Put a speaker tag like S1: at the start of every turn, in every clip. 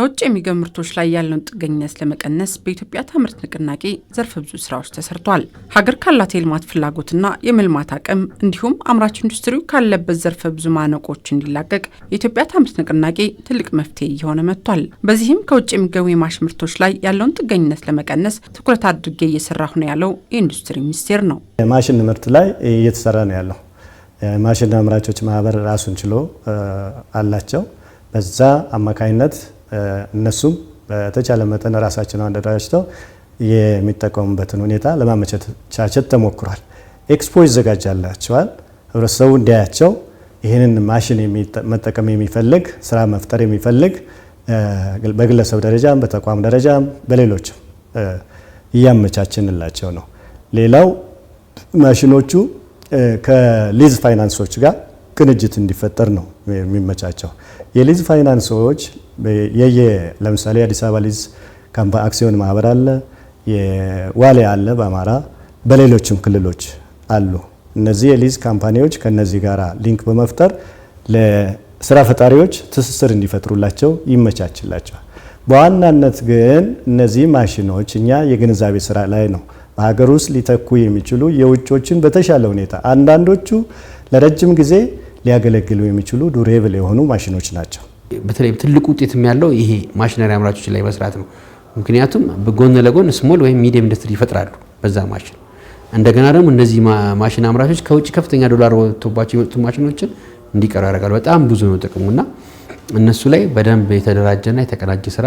S1: ከውጭ የሚገቡ ምርቶች ላይ ያለውን ጥገኝነት ለመቀነስ በኢትዮጵያ ታምርት ንቅናቄ ዘርፈ ብዙ ስራዎች ተሰርቷል። ሀገር ካላት የልማት ፍላጎትና የመልማት አቅም እንዲሁም አምራች ኢንዱስትሪው ካለበት ዘርፈ ብዙ ማነቆች እንዲላቀቅ የኢትዮጵያ ታምርት ንቅናቄ ትልቅ መፍትሄ እየሆነ መጥቷል። በዚህም ከውጭ የሚገቡ የማሽ ምርቶች ላይ ያለውን ጥገኝነት ለመቀነስ ትኩረት አድርጌ እየሰራሁ ነው ያለው የኢንዱስትሪ ሚኒስቴር ነው።
S2: ማሽን ምርት ላይ እየተሰራ ነው ያለው ማሽን አምራቾች ማህበር ራሱን ችሎ አላቸው። በዛ አማካኝነት እነሱም በተቻለ መጠን ራሳቸውን አደራጅተው የሚጠቀሙበትን ሁኔታ ለማመቻቸት ተሞክሯል። ኤክስፖ ይዘጋጃላቸዋል። ህብረተሰቡ እንዲያያቸው ይህንን ማሽን መጠቀም የሚፈልግ ስራ መፍጠር የሚፈልግ በግለሰብ ደረጃም በተቋም ደረጃም በሌሎችም እያመቻችንላቸው ነው። ሌላው ማሽኖቹ ከሊዝ ፋይናንሶች ጋር ቅንጅት እንዲፈጠር ነው የሚመቻቸው የሊዝ ፋይናንሶች የየ ለምሳሌ የአዲስ አበባ ሊዝ አክሲዮን ማህበር አለ፣ የዋሊያ አለ፣ በአማራ በሌሎችም ክልሎች አሉ። እነዚህ የሊዝ ካምፓኒዎች ከነዚህ ጋር ሊንክ በመፍጠር ለስራ ፈጣሪዎች ትስስር እንዲፈጥሩላቸው ይመቻችላቸዋል። በዋናነት ግን እነዚህ ማሽኖች እኛ የግንዛቤ ስራ ላይ ነው በሀገር ውስጥ ሊተኩ የሚችሉ የውጮችን በተሻለ ሁኔታ አንዳንዶቹ ለረጅም ጊዜ ሊያገለግሉ የሚችሉ ዱሬብል የሆኑ ማሽኖች ናቸው።
S3: በተለይ ትልቁ ውጤትም ያለው ይሄ ማሽነሪ አምራቾች ላይ መስራት ነው። ምክንያቱም ጎን ለጎን ስሞል ወይም ሚዲየም ኢንዱስትሪ ይፈጥራሉ በዛ ማሽን። እንደገና ደግሞ እነዚህ ማሽን አምራቾች ከውጭ ከፍተኛ ዶላር ወጥቶባቸው የመጡት ማሽኖችን እንዲቀሩ ያደርጋሉ። በጣም ብዙ ነው ጥቅሙና እነሱ ላይ በደንብ የተደራጀና የተቀናጀ ስራ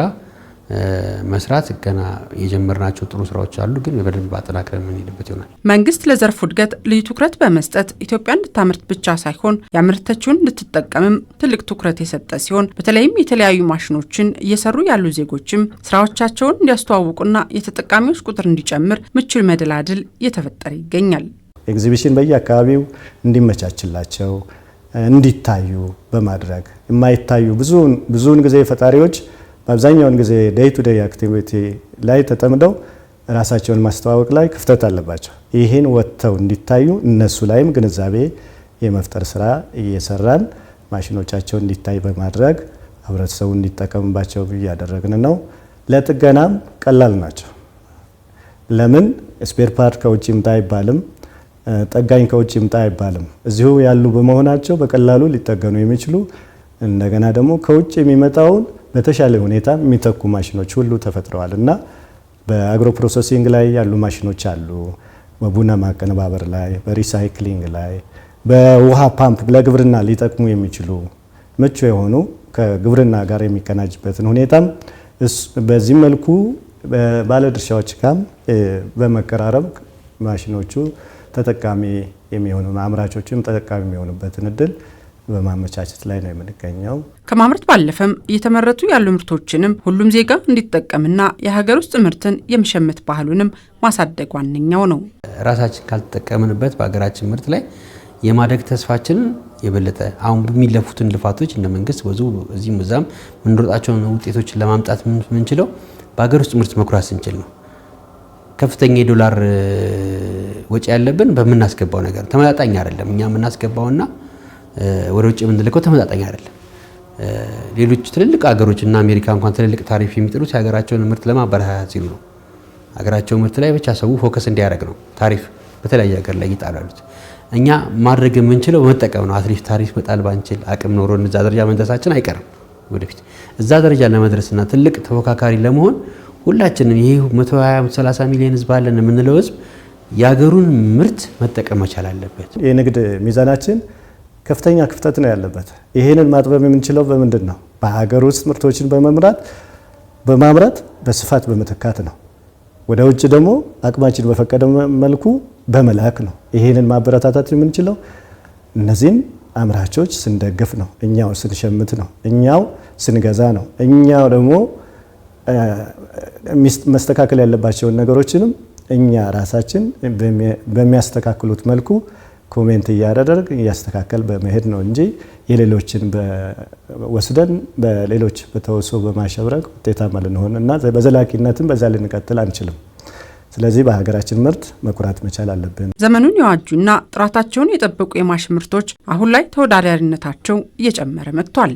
S3: መስራት ገና የጀመርናቸው ጥሩ ስራዎች አሉ፣ ግን በደንብ አጠናክረን የምንሄድበት ይሆናል።
S1: መንግስት ለዘርፉ እድገት ልዩ ትኩረት በመስጠት ኢትዮጵያ እንድታምርት ብቻ ሳይሆን ያምርተችውን እንድትጠቀምም ትልቅ ትኩረት የሰጠ ሲሆን በተለይም የተለያዩ ማሽኖችን እየሰሩ ያሉ ዜጎችም ስራዎቻቸውን እንዲያስተዋውቁና የተጠቃሚዎች ቁጥር እንዲጨምር ምቹ መደላድል እየተፈጠረ ይገኛል።
S2: ኤግዚቢሽን በየአካባቢው እንዲመቻችላቸው እንዲታዩ በማድረግ የማይታዩ ብዙውን ጊዜ ፈጣሪዎች በአብዛኛውን ጊዜ ዴይ ቱ ዴይ አክቲቪቲ ላይ ተጠምደው ራሳቸውን ማስተዋወቅ ላይ ክፍተት አለባቸው። ይህን ወጥተው እንዲታዩ እነሱ ላይም ግንዛቤ የመፍጠር ስራ እየሰራን ማሽኖቻቸው እንዲታይ በማድረግ ህብረተሰቡ እንዲጠቀምባቸው እያደረግን ነው። ለጥገናም ቀላል ናቸው። ለምን ስፔር ፓርት ከውጭ ይምጣ አይባልም፣ ጠጋኝ ከውጭ ይምጣ አይባልም። እዚሁ ያሉ በመሆናቸው በቀላሉ ሊጠገኑ የሚችሉ እንደገና ደግሞ ከውጭ የሚመጣውን በተሻለ ሁኔታ የሚተኩ ማሽኖች ሁሉ ተፈጥረዋል እና በአግሮ ፕሮሰሲንግ ላይ ያሉ ማሽኖች አሉ። በቡና ማቀነባበር ላይ፣ በሪሳይክሊንግ ላይ፣ በውሃ ፓምፕ ለግብርና ሊጠቅሙ የሚችሉ ምቹ የሆኑ ከግብርና ጋር የሚቀናጅበትን ሁኔታም በዚህ መልኩ ባለድርሻዎች ጋም በመቀራረብ ማሽኖቹ ተጠቃሚ የሚሆኑ አምራቾችም ተጠቃሚ የሚሆኑበትን እድል በማመቻቸት ላይ ነው የምንገኘው።
S1: ከማምረት ባለፈም እየተመረቱ ያሉ ምርቶችንም ሁሉም ዜጋ እንዲጠቀምና የሀገር ውስጥ ምርትን የመሸመት ባህሉንም ማሳደግ ዋነኛው ነው።
S3: ራሳችን ካልተጠቀምንበት በሀገራችን ምርት ላይ የማደግ ተስፋችንን የበለጠ አሁን የሚለፉትን ልፋቶች እንደ መንግስት ብዙ እዚህም እዛም የምንሮጣቸውን ውጤቶችን ለማምጣት የምንችለው በሀገር ውስጥ ምርት መኩራት ስንችል ነው። ከፍተኛ የዶላር ወጪ ያለብን በምናስገባው ነገር ተመጣጣኝ አይደለም። እኛ የምናስገባውና ወደ ውጭ የምንልከው ተመጣጣኝ አይደለም። ሌሎች ትልልቅ ሀገሮች እና አሜሪካ እንኳን ትልልቅ ታሪፍ የሚጥሉት የሀገራቸውን ምርት ለማበረታታት ሲሉ ነው። ሀገራቸው ምርት ላይ ብቻ ሰው ፎከስ እንዲያደርግ ነው ታሪፍ በተለያየ ሀገር ላይ ይጣላሉት። እኛ ማድረግ የምንችለው በመጠቀም ነው። አትሊስት ታሪፍ መጣል ባንችል አቅም ኖሮ እዛ ደረጃ መድረሳችን አይቀርም። ወደፊት እዛ ደረጃ ለመድረስና ትልቅ ተፎካካሪ ለመሆን ሁላችንም ይህ 120 30 ሚሊዮን ህዝብ አለን የምንለው ህዝብ የሀገሩን ምርት መጠቀም መቻል አለበት።
S2: የንግድ ሚዛናችን ከፍተኛ ክፍተት ነው ያለበት። ይሄንን ማጥበብ የምንችለው በምንድን ነው? በሀገር ውስጥ ምርቶችን በመምራት በማምረት በስፋት በመተካት ነው። ወደ ውጭ ደግሞ አቅማችን በፈቀደ መልኩ በመላክ ነው። ይሄንን ማበረታታት የምንችለው እነዚህን አምራቾች ስንደግፍ ነው። እኛው ስንሸምት ነው። እኛው ስንገዛ ነው። እኛው ደግሞ መስተካከል ያለባቸውን ነገሮችንም እኛ ራሳችን በሚያስተካክሉት መልኩ ኮሜንት እያደረግ እያስተካከል በመሄድ ነው እንጂ የሌሎችን ወስደን በሌሎች በተወሶ በማሸብረቅ ውጤታማ ልንሆን እና በዘላቂነትም በዛ ልንቀጥል አንችልም። ስለዚህ በሀገራችን ምርት መኩራት መቻል አለብን።
S1: ዘመኑን የዋጁና ጥራታቸውን የጠበቁ የማሽ ምርቶች አሁን ላይ ተወዳዳሪነታቸው እየጨመረ መጥቷል።